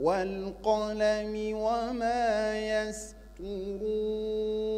والقلم وما يسطرون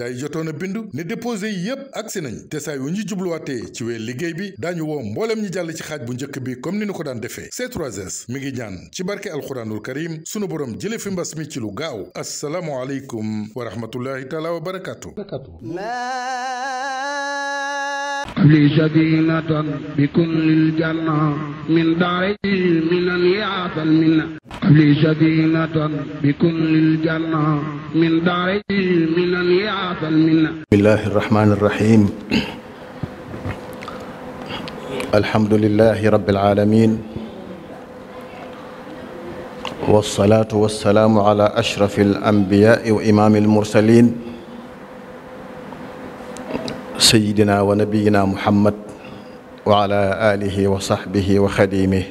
candidat yi jotoon a bindu ne déposé yépp agsi nañ te saa ñu jubluwaatee ci wee liggéey bi daañu woo mbooleem ñi jàll ci xaaj bu njëkk bi comme ni ñu ko daan defee c s mi ngi ñaan ci barke alxuraanul karim sunu borom jële fi mbas mi ci lu gaaw asalaamualeykum wa rahmatullahi taala wa barakaatu li sadinatan bi kun lil janna min daari minan yaasal minna لي سكينة بكل الجنة من داري من يعطى المنة بسم الله الرحمن الرحيم الحمد لله رب العالمين والصلاة والسلام على أشرف الأنبياء وإمام المرسلين سيدنا ونبينا محمد وعلى آله وصحبه وخديمه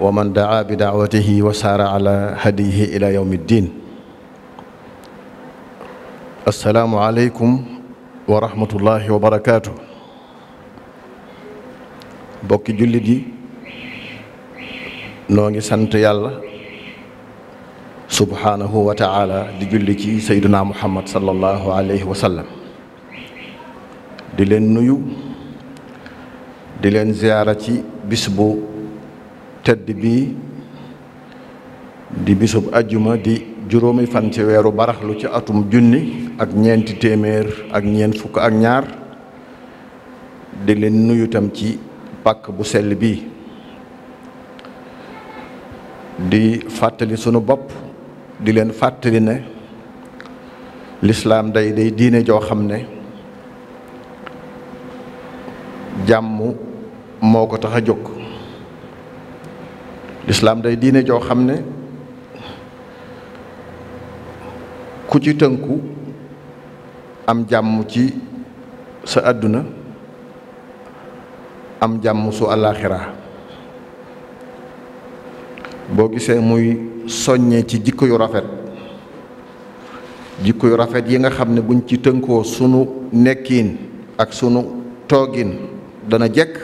wa man daa bi daawatihi wa saara ila yawmi ddin assalaamu aleykum wa rahmatullahi bokki jullit yi noo ngi sant yàlla subhaanahu wa di julli ci sayduna muhammad sallallahu alayhi wa di leen nuyu di leen ziyaara ci bis tëdd bi di bisub ajjuma di juróomi fan ci weeru baraxlu ci atum junni ak ñeenti téeméer ak ñeent fukk ak ñaar di leen nuyutam ci pàkk bu sell bi di fàttali sunu bopp di leen fàttali ne lislaam day day diine joo xam ne jàmm moo ko tax a jóg lislaam day diine joo xam ne ku ci tënku am jàmm ci sa àdduna am jàmm su àllaaxira boo gisee muy soññee ci jikko yu rafet jikko yu rafet yi nga xam ne buñ ci tënkoo sunu nekkiin ak sunu toogin dana jëkk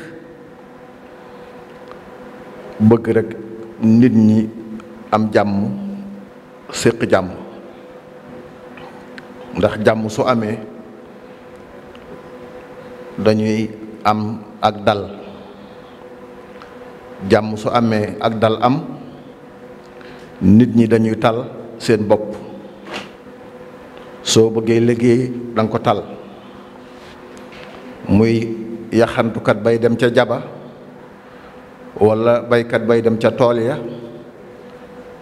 bëgg rek nit ñi am jàmm séq jàmm ndax jàmm su amee dañuy am ak dal jàmm su amee ak dal am nit ñi dañuy tal seen bopp soo bëggee liggéey danga ko tal muy yaxantukat bay dem ca jaba walla baykat bay dem ca tool ya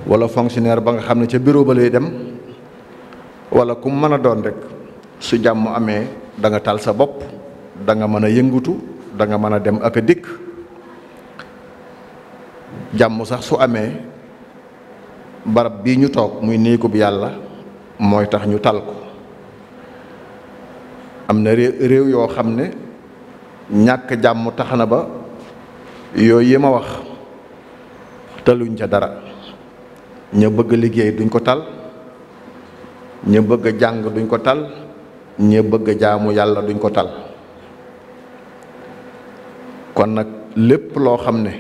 wala fonctionnaire ba nga xam ne ca bureau ba lay dem wala ku mën a doon rek su jàmm amee da nga tal sa bopp da nga mën a yëngutu da nga mën a dem ak a dikk jàmm sax su amee barab bii ñu toog muy néegub yàlla mooy tax ñu tal ko am na réew yoo xam ne ñàkk jàmm tax na ba yooyu yi ma wax taluñ ca dara ña bëgg liggéey duñ ko tal ña bëgg jàng duñ ko tal ña bëgg jaamu yàlla duñ ko tal kon nag lépp loo xam ne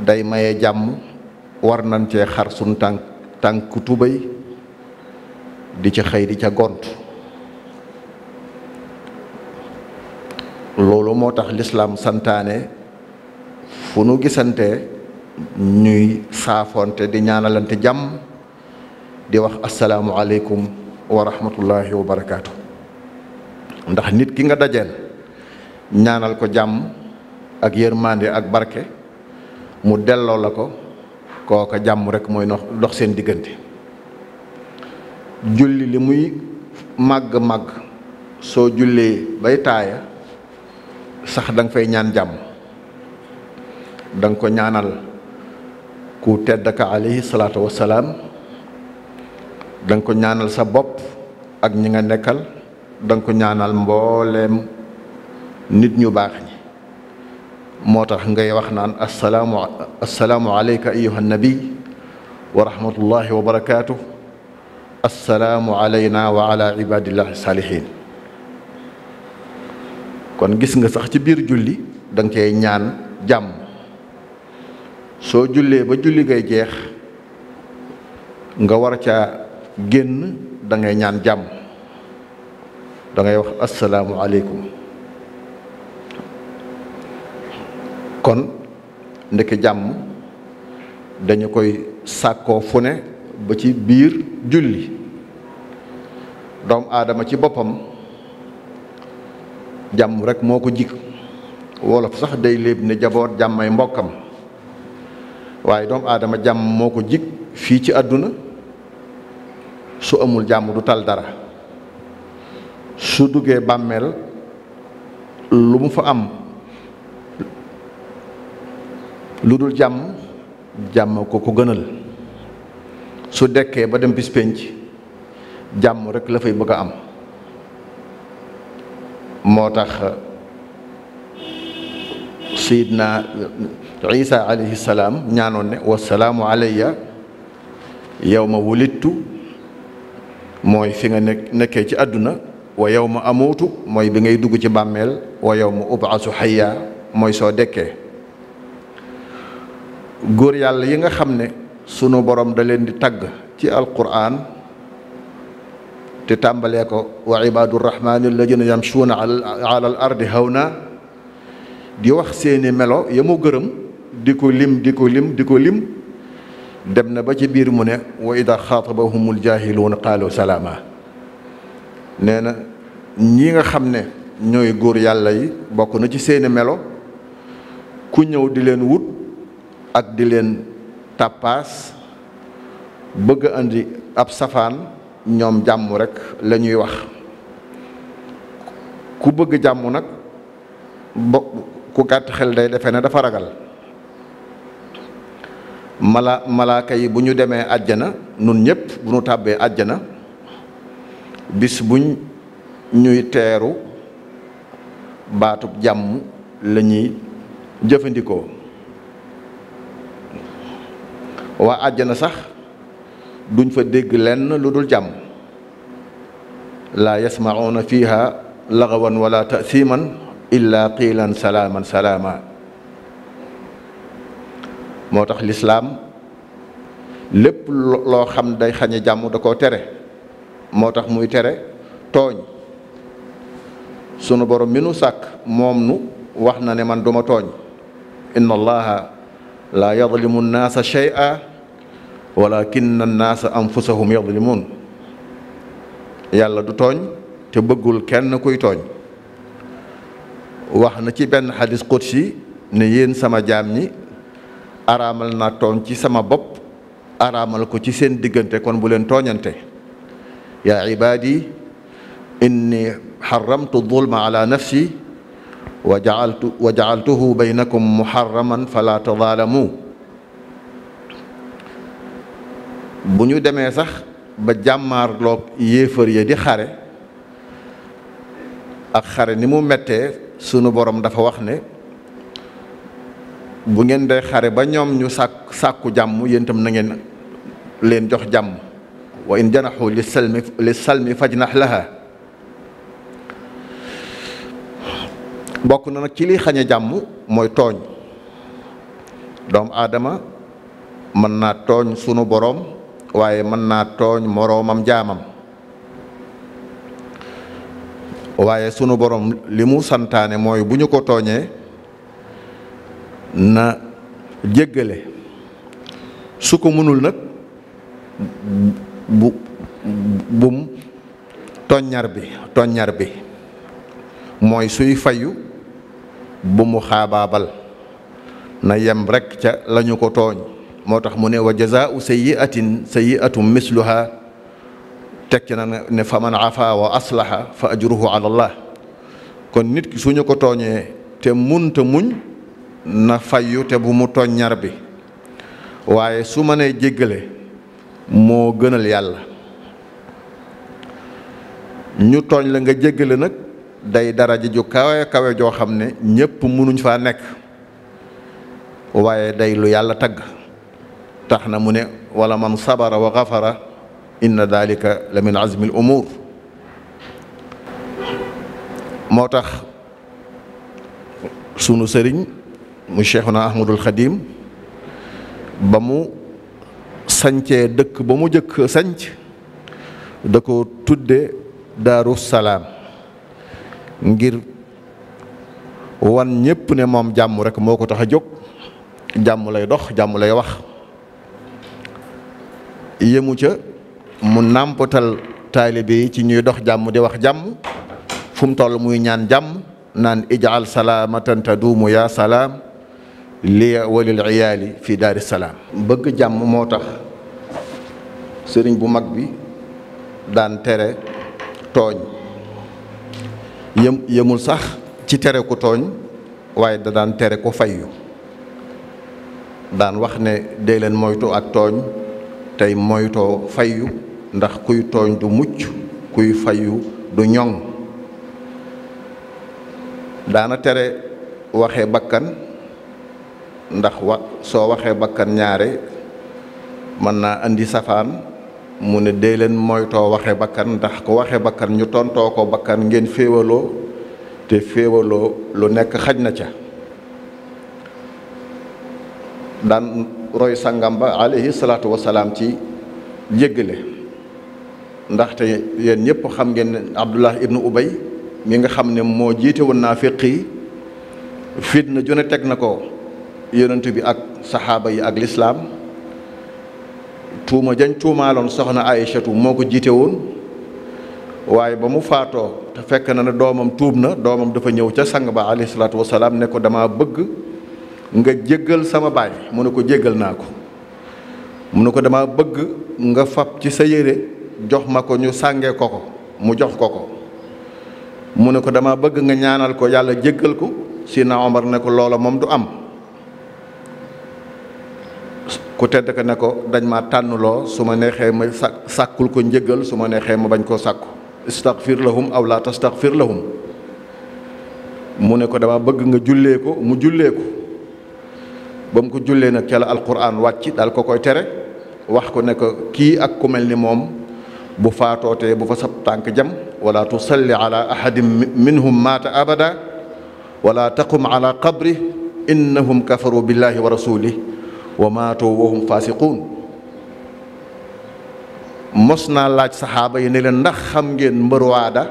day maye jàmm war nañ cee xar suñ tànk tànk tubéy di ca xëy di ca gont loolu moo tax lislaam santaane fu nu gisante ñuy saafoonte di ñaanalante jàmm di wax asalaamualeykum wa rahmatullahi wa barakaatu ndax nit ki nga dajeel ñaanal ko jàmm ak yërmande ak barke mu delloo la ko kooka jàmm rekk mooy dox seen diggante julli li muy màgg-màgg soo jullee bay taaya sax danga fay ñaan jàmm danga ko ñaanal ku tedd ka alayhi salaatu wassalaam da ko ñaanal sa bopp ak ñi nga nekkal da ko ñaanal mbooleem nit ñu baax ñi moo tax ngay wax naan assalaamu assalaamu alayka ayyuha nabi wa rahmatullahi wa barakaatu assalaamu alayna wa ala ibadillahi saalihin kon gis nga sax ci biir julli danga nga ñaan jàmm soo jullee ba julli ngay jeex nga war a caa génn dangay ñaan jàmm dangay wax assalaamu aleykum kon ndeke jàmm dañu koy sàkkoo fu ne ba ci biir julli doomu aadama ci boppam jàmm rekk moo ko jik wolof sax day léeb ne jaboot jàmmay mbokkam waaye doomu aadama jàmm moo ko jig fii ci àdduna su amul jàmm du tal dara su duggee bàmmeel lu mu fa am lu dul jàmm jàmm ko ko gënal su dekkee ba dem bis pénc jàmm rekk la fay bëgg a am moo tax sayidna isa alayhi salaam ñaanoon ne wasalaamu ya yow ma wulittu mooy fi nga nekkee ci àdduna wa yow ma amootu mooy bi ngay dugg ci bàmmeel wa yow ma ubaasu xayya mooy soo dekkee góor yàlla yi nga xam ne sunu boroom da leen di tagg ci alquran te tàmbalee ko wa ibaadu rahmaani alladina yamshuuna ala al ardi na di wax seeni melo ya gërëm di ko lim di ko lim di ko lim dem na ba ci biir mu ne wa ida xaatabahumul jaahiluuna qaalu salaama nee na ñi nga xam ne ñooy góor yàlla yi bokk na ci seeni melo ku ñëw di leen wut ak di leen tàppaas bëgg a indi ab safaan ñoom jàmm rekk la ñuy wax ku bëgg jàmm nag bokk ku gàtt xel day defe na dafa ragal mala malaaka yi bu ñu demee àjjana nun ñëpp bu ñu tàbbee àjjana bis buñ ñuy teeru baatub jàmm la ñuy jëfandikoo waa àjjana sax duñ fa dégg lenn lu dul jàmm laa yasmauna fiha lagawan wala tasiman illaa qiilan salaaman salaama moo tax lislaam lépp loo xam day xañe jàmm da koo tere moo tax muy tere tooñ sunu borom mi nu sàkk moom nu wax na ne man duma tooñ inna allaha laa yadlimu nnaasa shay'a walakinna annaasa anfusahum yadlimun yàlla du tooñ te bëggul kenn kuy tooñ wax na ci benn xadis qudsi ne yéen sama jaam ñi araamal naa tooñ ci sama bopp araamal ko ci seen diggante kon bu leen tooñante yaa ibaadi inni xaramtu zulma ala nafsi wa jaaltu wa jaaltuhu baynakum muharraman fala tazaalamu bu ñu demee sax ba jàmmaarloog yéefar ya di xare ak xare ni mu mettee sunu borom dafa wax ne bu ngeen dee xare ba ñoom ñu sàkk sàkku jàmm yentam na ngeen leen jox jàmm wa in janaxu li salmi li salmi fajnax laha bokk na nag ci liy xañe jàmm mooy tooñ doomu aadama mën naa tooñ sunu boroom waaye mën naa tooñ moroomam jaamam waaye sunu borom li mu santaane mooy bu ñu ko tooñee na jéggale su ko mënul nag bu bum toññar bi toññar bi mooy suy fayu bu mu xaabaabal na yem rekk ca lañu ko tooñ moo tax mu ne wa jazaa'u sayyi'atin sayyi'atun misluha tekki na ne fa man afa wa aslaha fa ajruhu ala kon nit ki suñu ko tooñee te munta muñ na fayyu te bu mu tooñ ñaar bi waaye su ma nee jéggale moo gënal yàlla ñu tooñ la nga jéggale nag day daraja ju kawe kawe joo xam ne ñépp mënuñ faa nekk waaye day lu yàlla tagg tax na mu ne wala man sabara wa xafara inna dalika la min azmi l umur moo tax sunu sëriñ mu cheikhuna ahmadul xadim ba mu sañcee dëkk ba mu jëkk sañc da ko tudde daaru salaam ngir wan ñépp ne moom jàmm rekk moo ko tax a jóg jàmm lay dox jàmm lay wax yemu ca mu nàmpatal taalibe yi ci ñuy dox jàmm di wax jàmm fu mu toll muy ñaan jàmm naan ijaal salaamatan taduumu yaa salaam li walil iyaali fi daari salaam bëgg jàmm moo tax sëriñ bu mag bi daan tere tooñ yëm yëmul sax ci tere ku tooñ waaye da daan tere ko fayyu daan wax ne dee leen moytu ak tooñ tey moytoo fayyu ndax kuy tooñ du mucc kuy fayu du ñoŋ daana tere waxee bakkan ndax wa soo waxee bakkan ñaare mën naa indi safaan mu ne dee leen moytoo waxee bakkan ndax ku waxee bakkan ñu tontoo ko bakkan ngeen féewaloo te féewaloo lu nekk xaj na ca daan roy sangam ba alayhi salaatu wasalaam ci jéggale ndaxte yéen ñëpp xam ngeen ne Abdullah ibnu Ubay mi nga xam ne moo jiite woon naa fiqi fitna jone teg na ko yonent bi ak saxaaba yi ak lislaam tuuma jañ tuumaaloon soxna Aïchatu moo ko jiite woon waaye ba mu faatoo te fekk na ne doomam tuub na doomam dafa ñëw ca sang ba alayhi salaatu wasalaam ne ko dama bëgg nga jéggal sama baay mu ne ko jéggal naa ko mu ne ko dama bëgg nga fab ci sa yére jox ma ko ñu sànge ko ko mu jox ko ko mu ne ko dama bëgg nga ñaanal ko yàlla jéggal ko Sina Omar ne ko loola moom du am ku tedd ko ne ko dañ ma tànnloo su neexee ma sa sàkkul ko njëggal su ma neexee ma bañ koo sàkku istaghfir lahum aw la tastaghfir lahum mu ne ko dama bëgg nga jullee ko mu jullee ko ba mu ko jullee na ca la alquran wàcc dal ko koy tere wax ko ne ko kii ak ku mel ni moom bu faatootee bu fa sab tànk jam wala tusalli ala ahadin minhum maata abada wala taqum ala qabri innahum kafaru billahi wa rasulih wa maatoo wa hum fasiquun mos naa laaj saxaaba yi ne leen ndax xam ngeen mbër waada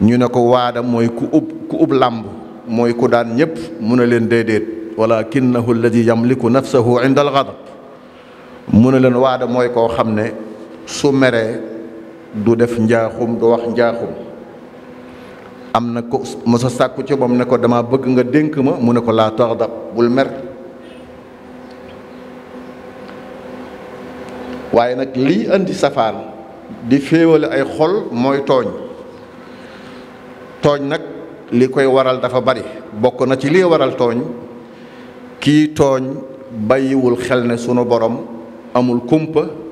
ñu ne ko waada mooy ku ub làmb mooy ku daan ñépp mu ne leen déedéet walakinahu alladi yamliku nafsahu inda algadab mu ne leen waada mooy koo xam ne su meree du def njaaxum du wax njaaxum am na ko mosa sàkku ci moom ne ko dama bëgg nga dénk ma mu ne ko laa taxdab bul mer waaye nag lii indi safaan di féewale ay xol mooy tooñ tooñ nag li koy waral dafa bari bokk na ci lii waral tooñ kii tooñ bàyyiwul xel ne sunu boroom amul kumpa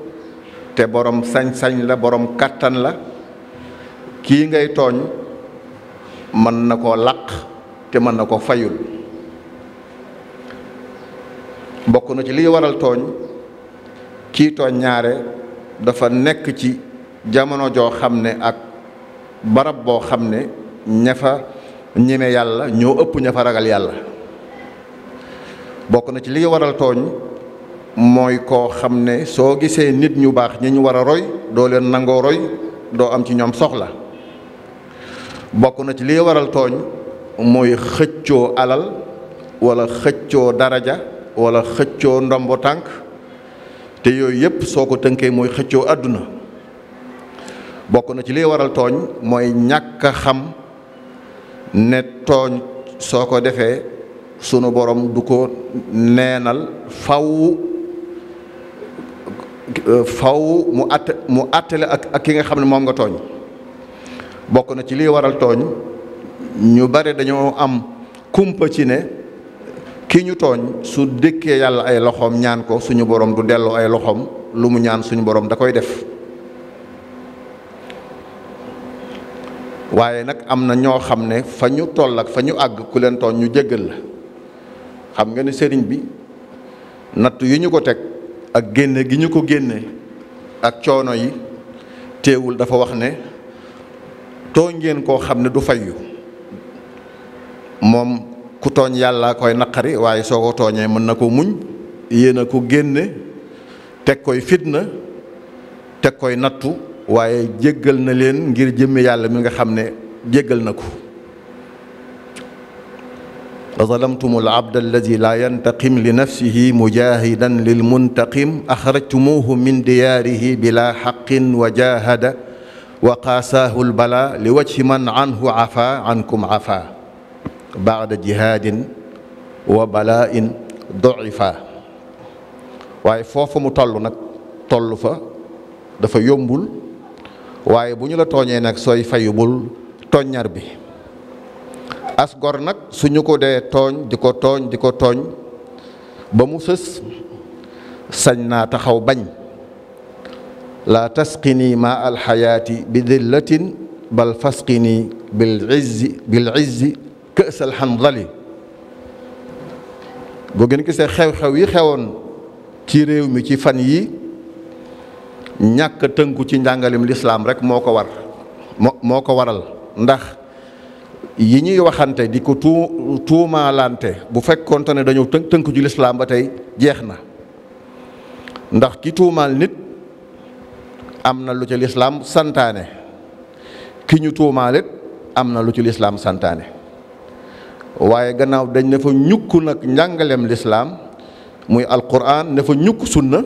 te boroom sañ-sañ la boroom kàttan la kii ngay tooñ mën na koo làq te mën na ko fayul bokk na ci liy waral tooñ kii tooñ ñaare dafa nekk ci jamono joo xam ne ak barab boo xam ne ña fa ñeme yàlla ñoo ëpp ña fa ragal yàlla bokk na ci liy waral tooñ mooy koo xam ne soo gisee nit ñu baax ñi ñu war a roy doo leen nangoo roy doo am ci ñoom soxla bokk na ci liy waral tooñ mooy xëccoo alal wala xëccoo daraja wala xëccoo ndombo tànk te yooyu yépp soo ko tënkee mooy xëccoo àdduna bokk na ci liy waral tooñ mooy ñàkk xam ne tooñ soo ko defee sunu borom du ko neenal faw Euh, faw mu att mu àttale ak ak ki nga xam ne moom nga tooñ bokk na ci liy waral tooñ ñu bare dañoo am kumpa ci ne ki ñu tooñ su dëkkee yàlla ay loxoom ñaan ko suñu boroom du delloo ay loxoom lu mu ñaan suñu boroom da koy def waaye nag am na ñoo xam ne fa ñu toll ak fa ñu àgg ku leen tooñ ñu jéggal la xam nga ne sëriñ bi natt yu ñu ko teg ak génne gi ñu ko génne ak coono yi teewul dafa wax ne tooñ ngeen koo xam ne du fayyu moom ku tooñ yàlla koy naqari waaye soo ko tooñee mën na ko muñ yéen a ko génne teg koy fitna teg koy nattu waaye jéggal na leen ngir jëmme yàlla mi nga xam ne jéggal na ko la zalamtumu al abda alladi laa yantaqim li nafsihi mujahidan lil muntaqim axrajtumuuhu min diyaarihi bila xaqin wa jahada wa qaasaahu l bala li wajhi man anhu afa ankum afa baada jihaadin wa balain doifa waaye foofu mu toll nag toll fa dafa yombul waaye bu ñu la tooñee nag sooy fayu bul toññar bi as gor nag suñu ko dee tooñ di ko tooñ di ko tooñ ba mu sës sañ naa taxaw bañ laa tasqini ma alxayaati bi dillatin bal fasqini bil izzi bil izzi kësal xandali boo gën gisee xew-xew yi xewoon ci réew mi ci fan yi ñàkk tënku ci njàngalim lislaam rek moo ko war moo ko waral ndax yi ñuy waxante di ko tuu tuumaalante bu fekkoonte ne dañoo tënk tënk ju lislaam ba tey jeex na ndax ki tuumaal nit am na lu ci lislaam santaane ki ñu tuumaalit am na lu ci lislaam santaane waaye gannaaw dañ ne fa ñukk nag njàngaleem lislaam muy alquran ne fa ñukk sunna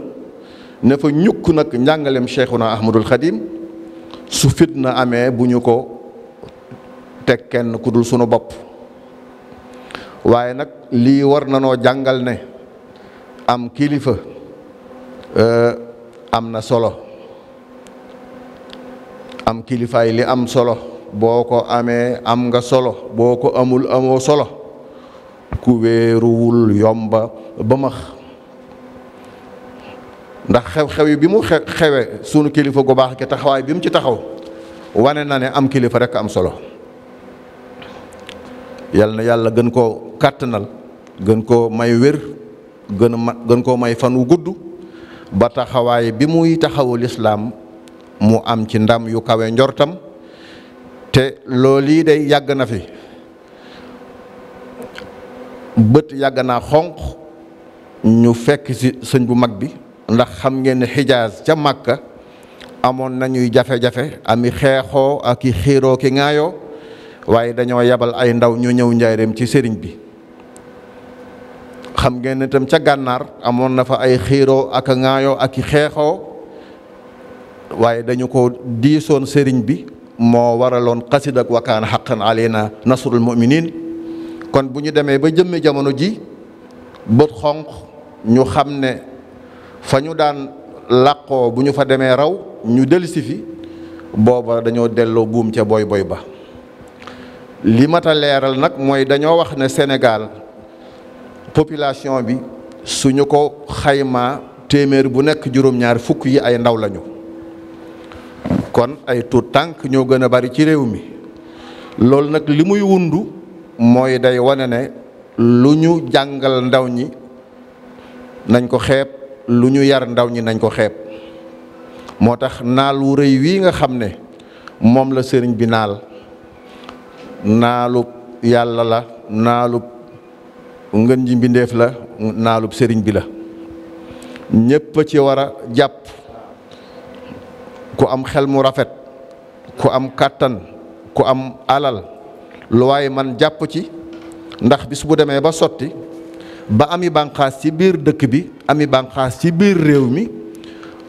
ne fa ñukk nag njàngaleem cheikhuna ahmadul xadim su fitna amee bu ñu ko teg kenn ku dul sunu bopp waaye nag lii war na noo jàngal ne am kilifa euh, am na solo am kilifaay li am solo boo ko amee am nga solo boo ko amul amoo solo ku wéeruwul yomba ba max ndax xew-xew yi bi mu xewe sunu kilifa gu baax ki taxawaay bi mu ci taxaw wane na ne am kilifa rekk am solo yal na yàlla gën koo kàttanal gën koo may wér gën gën koo may fan wu gudd ba taxawaay bi muy taxawu lislaam mu am ci ndam yu kawe njortam te loolu yi day yàgg na fi bët yàgg naa xonq ñu fekk ci sëñ bu mag bi ndax xam ngeen ne xijaas ca màkka amoon nañuy jafe-jafe ami xeexoo ak i xiiroo ki ŋaayoo waaye dañoo yabal ay ndaw ñu ñëw njaareem ci sëriñ bi xam ngeen itam ca gànnaar amoon na fa ay xiiroo ak a ŋaayoo ak i xeexoo waaye dañu ko diisoon sëriñ bi moo waraloon xasid ak wakaan xaqan aleyna nasrul muminin kon bu ñu demee ba jëmmi jamono ji bët xonq ñu xam ne fa ñu daan làqoo bu ñu fa demee raw ñu si fi booba dañoo delloo buum ca boy boy ba lii mat a leeral nag mooy dañoo wax ne senegaal population bi suñu ko xaymaa téeméer bu nekk juróom-ñaar fukk yi ay ndaw lañu kon ay tuut tànk ñoo gën a bari ci réew mi loolu nag li muy wundu mooy day wane ne lu ñu jàngal ndaw ñi nañ ko xeeb lu ñu yar ndaw ñi nañ ko xeeb moo tax naal wu rëy wii nga xam ne moom la sëriñ bi naal naalub yàlla la naalub ngën ji mbindeef la naalub sëriñ bi la ñépp a ci war a jàpp ku am xel mu rafet ku am kàttan ku am alal lu waaye man jàpp ci ndax bis bu demee ba sotti ba ami bànqaas ci biir dëkk bi ami bànqaas ci biir réew mi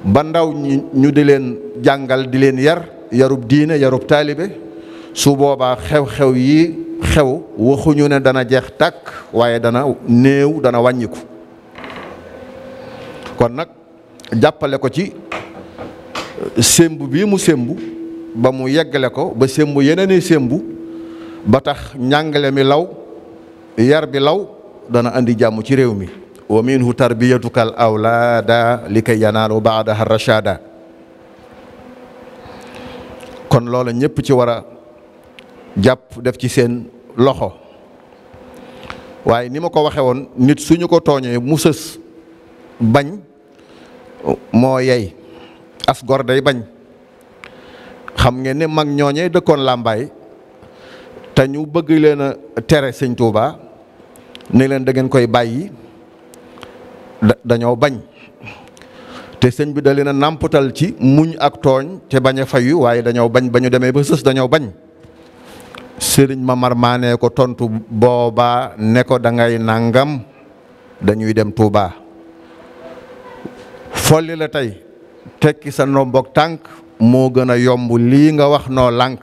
ba ndaw ñi ñu di leen jàngal di leen yar yarub diine yarub taalibe su booba xew-xew yi xew waxuñu ne dana jeex tàkk waaye dana néew dana wàññiku kon nag jàppale ko ci sémb bii mu sémb ba mu yeggale ko ba sémb yeneen sémb ba tax njàngale mi law yar bi law dana indi jàmm ci réew mi wa minhu tarbiyatuka al awlaada li kay yanaalu baadaha rachada kon loola ñëpp ci war jàpp def ci seen loxo waaye ni ma ko waxe woon nit suñu ko tooñee mu sës bañ moo yey as gor day bañ xam ngeen ne mag ñooñee dëkkoon làmbaay te ñu bëgg leen a tere sëñ Touba ni leen dangeen koy bàyyi dañoo bañ te sëñ bi da leen a nàmpatal ci muñ ak tooñ te bañ a fayu waaye dañoo bañ bañu demee ba sës dañoo bañ sëriñ Mamar Maane ko tontu booba ne ko da nangam dañuy dem Touba folli la tey tekki sa ndomboog tànk moo gën a yomb lii nga wax noo lànk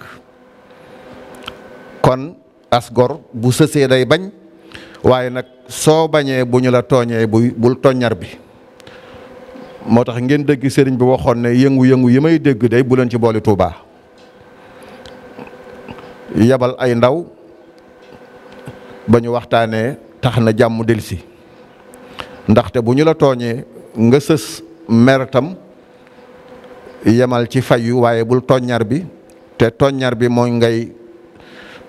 kon asgor bu sësee day bañ waaye nag soo bañee bu ñu la tooñee buy bul toññar bi moo tax ngeen dégg sëriñ bi waxoon ne yëngu-yëngu yi may dégg day bu leen ci boole Touba. yabal ay ndaw ba ñu waxtaanee tax na jàmm delsi ndaxte bu ñu la tooñee nga sës mertam yemal ci fayu waaye bul toññar bi te toññar bi mooy ngay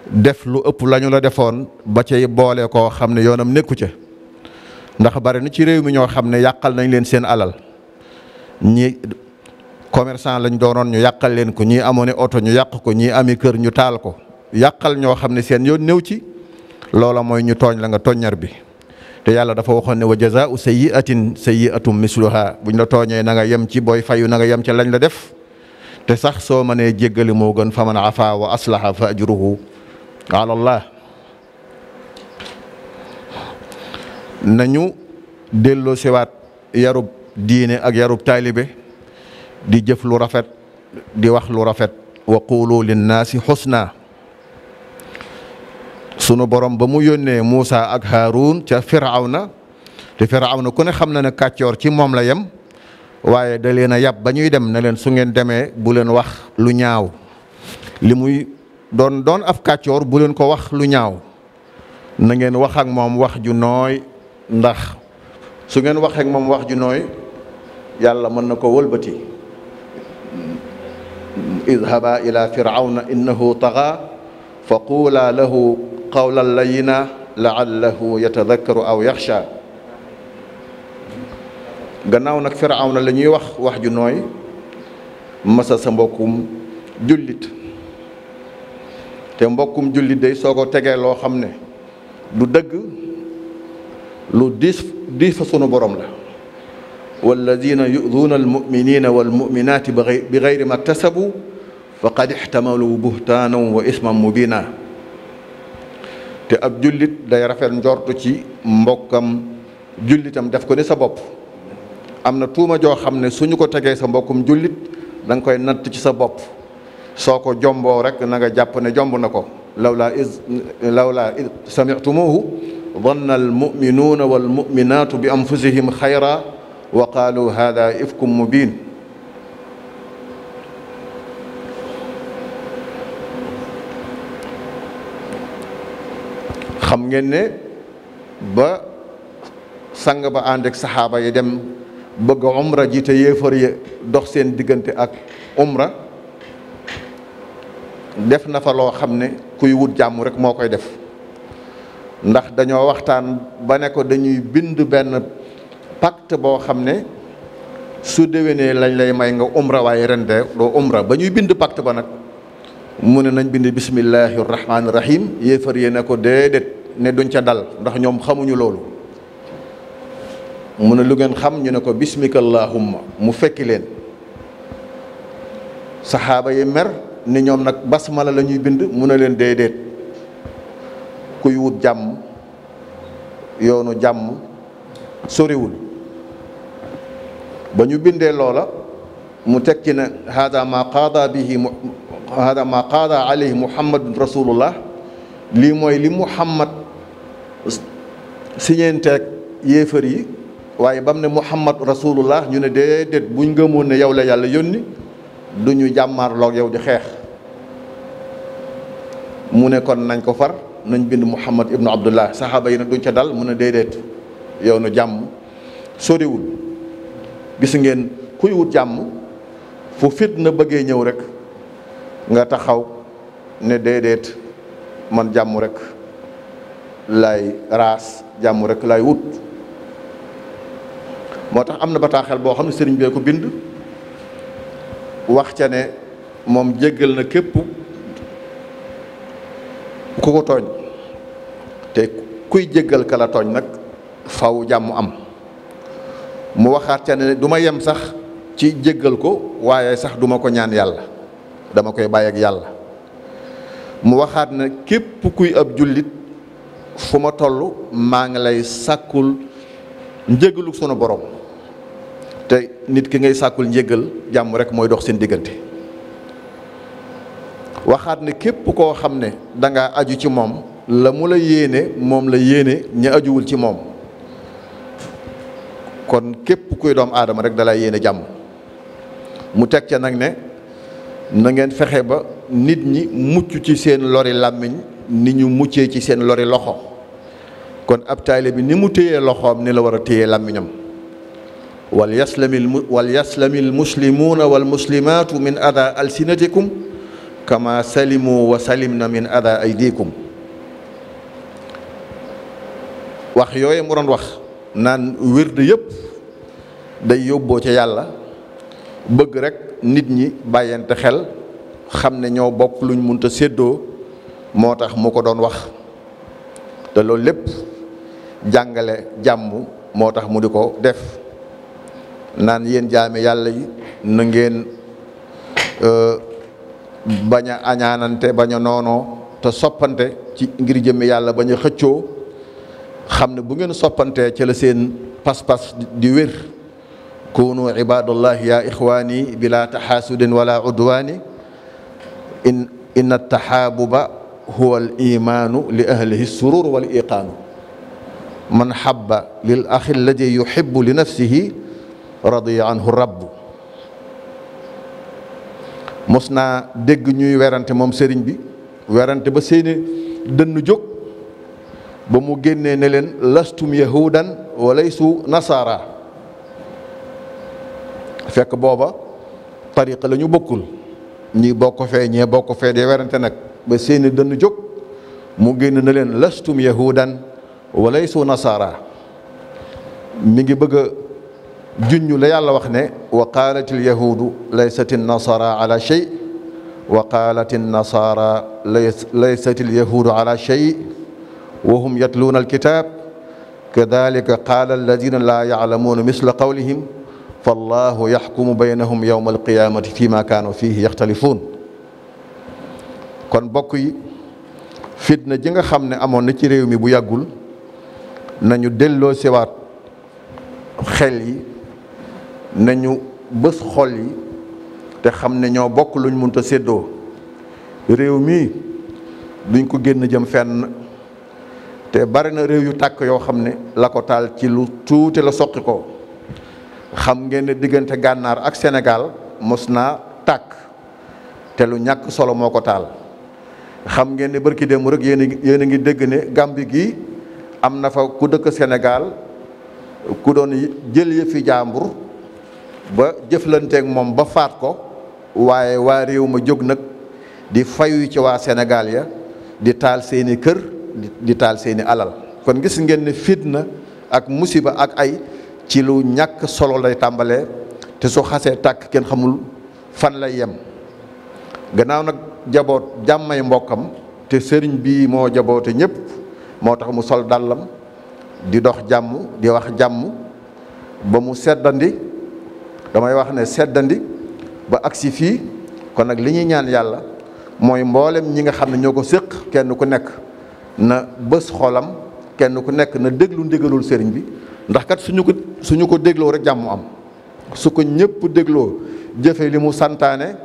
def lu ëpp lañu la defoon ba cay boole koo xam ne yoonam nekku ca ndax bari na ci réew mi ñoo xam ne yàqal nañ leen seen alal ñii commerçant lañ doonoon ñu yàqal leen ko ñii amoon oto ñu yàq ko ñii ami kër ñu taal ko yàqal ñoo xam ne seen yoon néew ci loola mooy ñu tooñ la nga toññar bi te yàlla dafa waxoon ne wa jazaau sayyi'atin sayyi'atun misluha buñ la tooñee na nga yem ci booy fayu nanga nga yem ci lañ la def te sax soo mënee jéggali moo gën fa man afa wa aslaha fa ajruhu ala allah nañu delloo siwaat yarub diine ak yarub taalibe di jëf lu rafet di wax lu rafet wa qulu linnaasi xusna sunu borom ba mu yónnee Moussa ak Haroun ca Firawna te Firawna ko ne xam na ne kàccoor ci moom la yem waaye da leen a yàpp ba ñuy dem na leen su ngeen demee bu leen wax lu ñaaw li muy doon doon af kàccoor bu leen ko wax lu ñaaw na ngeen wax ak moom wax ju nooy ndax su ngeen waxee moom wax ju nooy yàlla mën na ko wëlbati idhaba ila firawna innahu taxa fa quula lahu qawlan layyina la'allahu yatadakkaru aw yaxsha gannaaw nag firawna la ñuy wax wax ju nooy masa sa mbokkum jullit te mbokkum jullit day soo ko tegee loo xam ne du dëgg lu diis diis fa sunu borom la walladina yuduuna almuminina walmuminaati bi gayri ma ktasabu faqad ixtamalu buhtaanan wa isman mubina te ab jullit day rafet njortu ci mbokkam jullitam def ko ni sa bopp am na tuuma joo xam ne suñu ko tegee sa mbokkum jullit da nga koy natt ci sa bopp soo ko jomboo rek na nga ne jomb na ko lawlaa iz lawlaa iz samitumuhu danna almuminuuna walmuminaatu bi anfusihim xayra wa qaalu hada ifkum mubin xam ngeen ne ba sang ba ànd ak saxaaba yi dem bëgg a umra jiite yéefar yi dox seen diggante ak umra def na loo xam ne kuy wut jàmm rek moo koy def ndax dañoo waxtaan ba ne ko dañuy bind benn pacte boo xam ne su dewee ne lañ lay may nga umra waaye ren doo umra ba ñuy bind pacte ba nag mu ne nañ bind bismillahi rahmaani rahim yéefar yee ne ko déedéet ne duñ ca dal ndax ñoom xamuñu loolu mu ne lu xam ñu ne ko bismika allahumma mu fekki leen saxaaba yi mer ni ñoom nag basmala la ñuy bind mun a leen déedéet kuy wut jàmm yoonu jàmm soriwul ba ñu bindee loola mu tekki ne hada ma qaada bihi hada ma qaada alayhi muhammadun rasulullah lii mooy li muhammad siñeenteeg yéefar yi waaye ba mu ne muhammad rasulullah ñu ne déedéet buñ gëmoon ne yow la yàlla yónni du ñu jàmmaarloog yow di xeex mu ne kon nañ ko far nañ bind muhammad ibnu abdullah saxaaba yi nag duñ ca dal mu ne déedéet yow nu jàmm soriwul gis ngeen kuy wut jàmm fu na bëggee ñëw rek nga taxaw ne déedéet man jàmm rekk lay raas jàmm rek lay wut moo tax am na bataaxel boo xam ne sëriñ bee ko bind wax ca ne moom jéggal na képp ku ko tooñ te kuy jéggal kala tooñ nag faw jàmm am mu waxaat ca ne du ma yem sax ci jéggal ko waaye sax duma ko ñaan yàlla dama koy bàyyi ak yàlla mu waxaat na képp kuy ab jullit fu ma toll maa ngi lay sàkkul njégalu sunu boroom te nit ki ngay sàkkul njégal jàmm rek mooy dox seen diggante waxaat ne képp koo xam ne danga aju ci moom la mu la yéene moom la yéene ña ajuwul ci moom kon képp kuy doom aadama rek dalay yéene jàmm mu teg ca nag ne na ngeen fexe ba nit ñi mucc ci seen lori làmmiñ ni ñu muccee ci seen lori loxo kon ab taalibe bi ni mu téyee loxoom ni la war a téye làmmiñam wal yaslamil wal yaslamil muslimuuna wal muslimaatu min ada alsinatikum kama salimu wa salim na min ada aydikum wax yooyu mu wax naan wérd yépp day yóbboo ca yàlla bëgg rekk nit ñi bàyyante xel xam ne ñoo bokk luñ munta séddoo moo tax mu ko doon wax te loolu lépp jàngale jàmm moo tax mu di ko def naan yéen jaame yàlla na ngeen euh, bañ a añaanante bañ a noonoo te soppante ci ngir jëmm yàlla bañ xëccoo xam ne bu ngeen soppantee ci la seen pas-pas di wér kunu ibadullahi ya ixwaani bila taxaasudin wala udwaani in inna taxaabuba huwa al imaanu li ahlihi surur wal iqaanu man xabba lil axi alladi yuxibu li nafsihi radiya anhu rabbu mos naa dégg ñuy werante moom sëriñ bi werante ba seeni dënn jóg ba mu génnee ne leen lastum yahudan wa laysu nasaara fekk booba tariqa la ñu bokkul ñi bokk fee ñee bokk fee dee werante nag ba seeni dënn jóg mu génn na leen lastum yahudan walaysu nasaara mi ngi bëgg a junñu yàlla wax ne wa qaalat al yahudu laysat an nasara ala shay wa qaalat an nasara laysat ala shay wa hum yatluuna al kitaab kadalika qaala alladina laa misla qawlihim fallahu yaxkumu baynahum yowma alqiyaamati fi ma fii fihi foon kon bokk yi fitna ji nga xam ne amoon na ci réew mi bu yàggul nañu delloo siwaat xel yi nañu bës xol yi te xam ne ñoo bokk luñ mënta séddoo réew mi duñ ko génn jëm fenn te bari na réew yu tàkk yoo xam ne la ko taal ci lu tuute la soqi ko xam ngeen ne diggante gànnaar ak senegaal mos naa tàkk te lu ñàkk solo moo ko taal xam ngeen ne barki démb rek yéen a yéen a ngi dégg ne Gàmbi gi am na fa ku dëkk senegaal ku doon jël yëfi jàmbur ba jëflanteeg moom ba faat ko waaye waa réew ma jóg nag di fayu ci waa Sénégal ya di taal seeni kër di taal seeni alal kon gis ngeen ne fitna ak musiba ak ay ci lu ñàkk solo lay tàmbalee te su xasee tàkk kenn xamul fan lay yem gannaaw nag jaboot jàmmay mbokkam te sëriñ bii moo jaboote ñëpp moo tax mu sol dàllam di dox jàmm di wax jàmm ba mu seddandi damay wax ne seddandi ba agsi fii kon nag li ñuy ñaan yàlla mooy mboolem ñi nga xam ne ñoo ko séq kenn ku nekk na bës xolam kenn ku nekk na déglu ndigalul sëriñ bi ndax kat suñu ko suñu ko dégloo rek jàmm am su ko ñëpp dégloo jëfe li mu santaane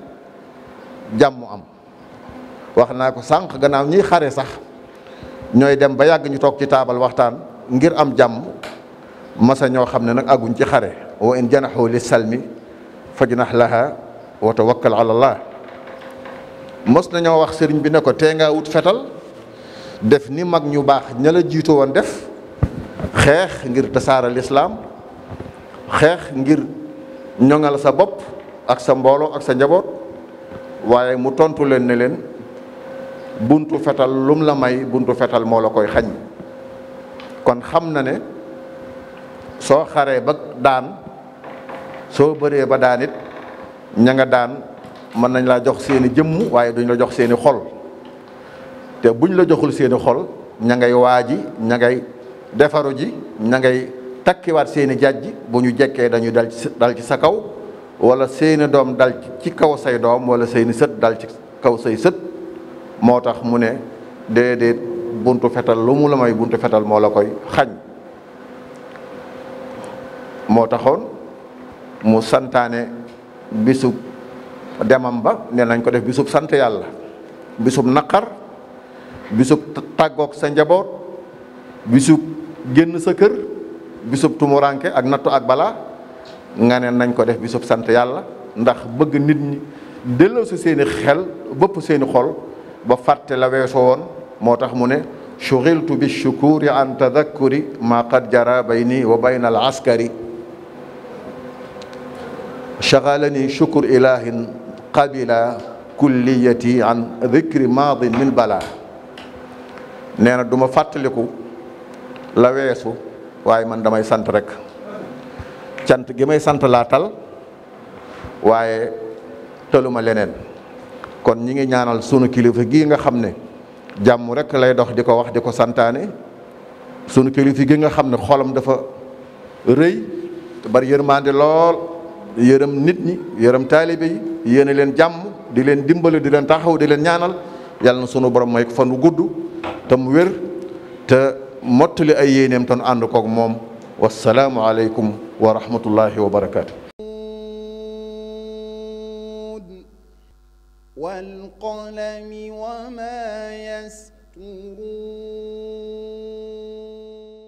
jàmm am wax naa ko sànq ganaaw ñiy xare sax ñooy dem ba yàgg ñu toog ci taabal waxtaan ngir am jàmm masa ñoo xam ne nag àgguñ ci xare wa in janaxu li salmi fajnax laha wa tawakkal ala allah mos nañoo wax sëriñ bi ne ko tee ngaa wut fetal def ni mag ñu baax ñala jiitoo jiitu woon def xeex ngir tasaara islaam xeex ngir ñoŋal sa bopp ak sa mbooloo ak sa njaboot waaye mu tontu leen ne leen buntu fetal lum la may buntu fetal moo la koy xañ kon xam na ne soo xaree ba daan soo bëree ba daanit it ña nga daan mën nañ laa jox seeni jëmm waaye duñ la jox seeni xol te buñ la joxul seeni xol ñangay ngay waaji ña ngay defaru ji ña takkiwaat seen i bu ñu jekkee dañu dal ci sa kaw wala seeni doom dal ci kaw say doom wala seeni sët dal ci kaw say sët moo tax mu ne déedéet buntu fetal lu mu la may buntu fetal moo la koy xañ moo taxoon mu santaane bisub demam ba ne nañ ko def bisub sant yàlla bisub naqar bisub tàggoog sa njaboot bisub génn sa kër bisub tumuranke ak nattu ak bala nga ne nañ ko def bisub sant yàlla ndax bëgg nit ñi delloo si seen xel bëpp seeni i xol ba fàtte la weesoo woon moo tax mu ne shughiltu bi shukuri an tadhakkuri ma qad jara bayni wa bayna al askari shaghalani shukur ilahin qabila kulliyati an dhikri maadin min bala nee na duma fàttaliku la weesu waaye man damay sant rek cant gi may sant laa tal waaye tëluma leneen kon ñi ngi ñaanal sunu kilifa gi nga xam ne jàmm rek lay dox di ko wax di ko santaane sunu kilifa gi nga xam ne xolam dafa rëy te bari yërmande lool yërëm nit ñi yërëm taalibe yi yéene leen jàmm di leen dimbale di leen taxaw di leen ñaanal yàlla na sunu borom may fan wu gudd te mu te mottali ay yéeneem ton ànd koog moom wasalaamu aleykum wa rahmatullahi wa barakaatu. والقلم وما يسطرون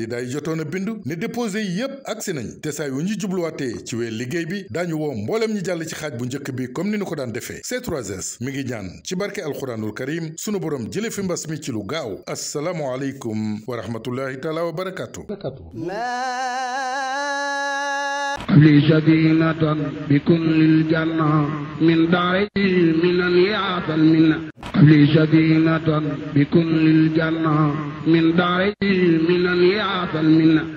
candidat yi jotoon a bindu ne déposé yi yépp agsi nañu te saa ñu jubluwaatee ci weer liggéey bi daañu woo mbooleem ñi jàll ci xaaj bu njëkk bi comme ni ñu ko daan defee C3S mi ngi ñaan ci barke alxuraanul karim sunu borom jële fi mbas mi ci lu gaaw assalaamu aleykum wa rahmatullahi taala wa barakaatu li sadinatan bi kullil janna min daari minan yaatal minna li sadinatan bi kullil janna min daari minan yaatal minna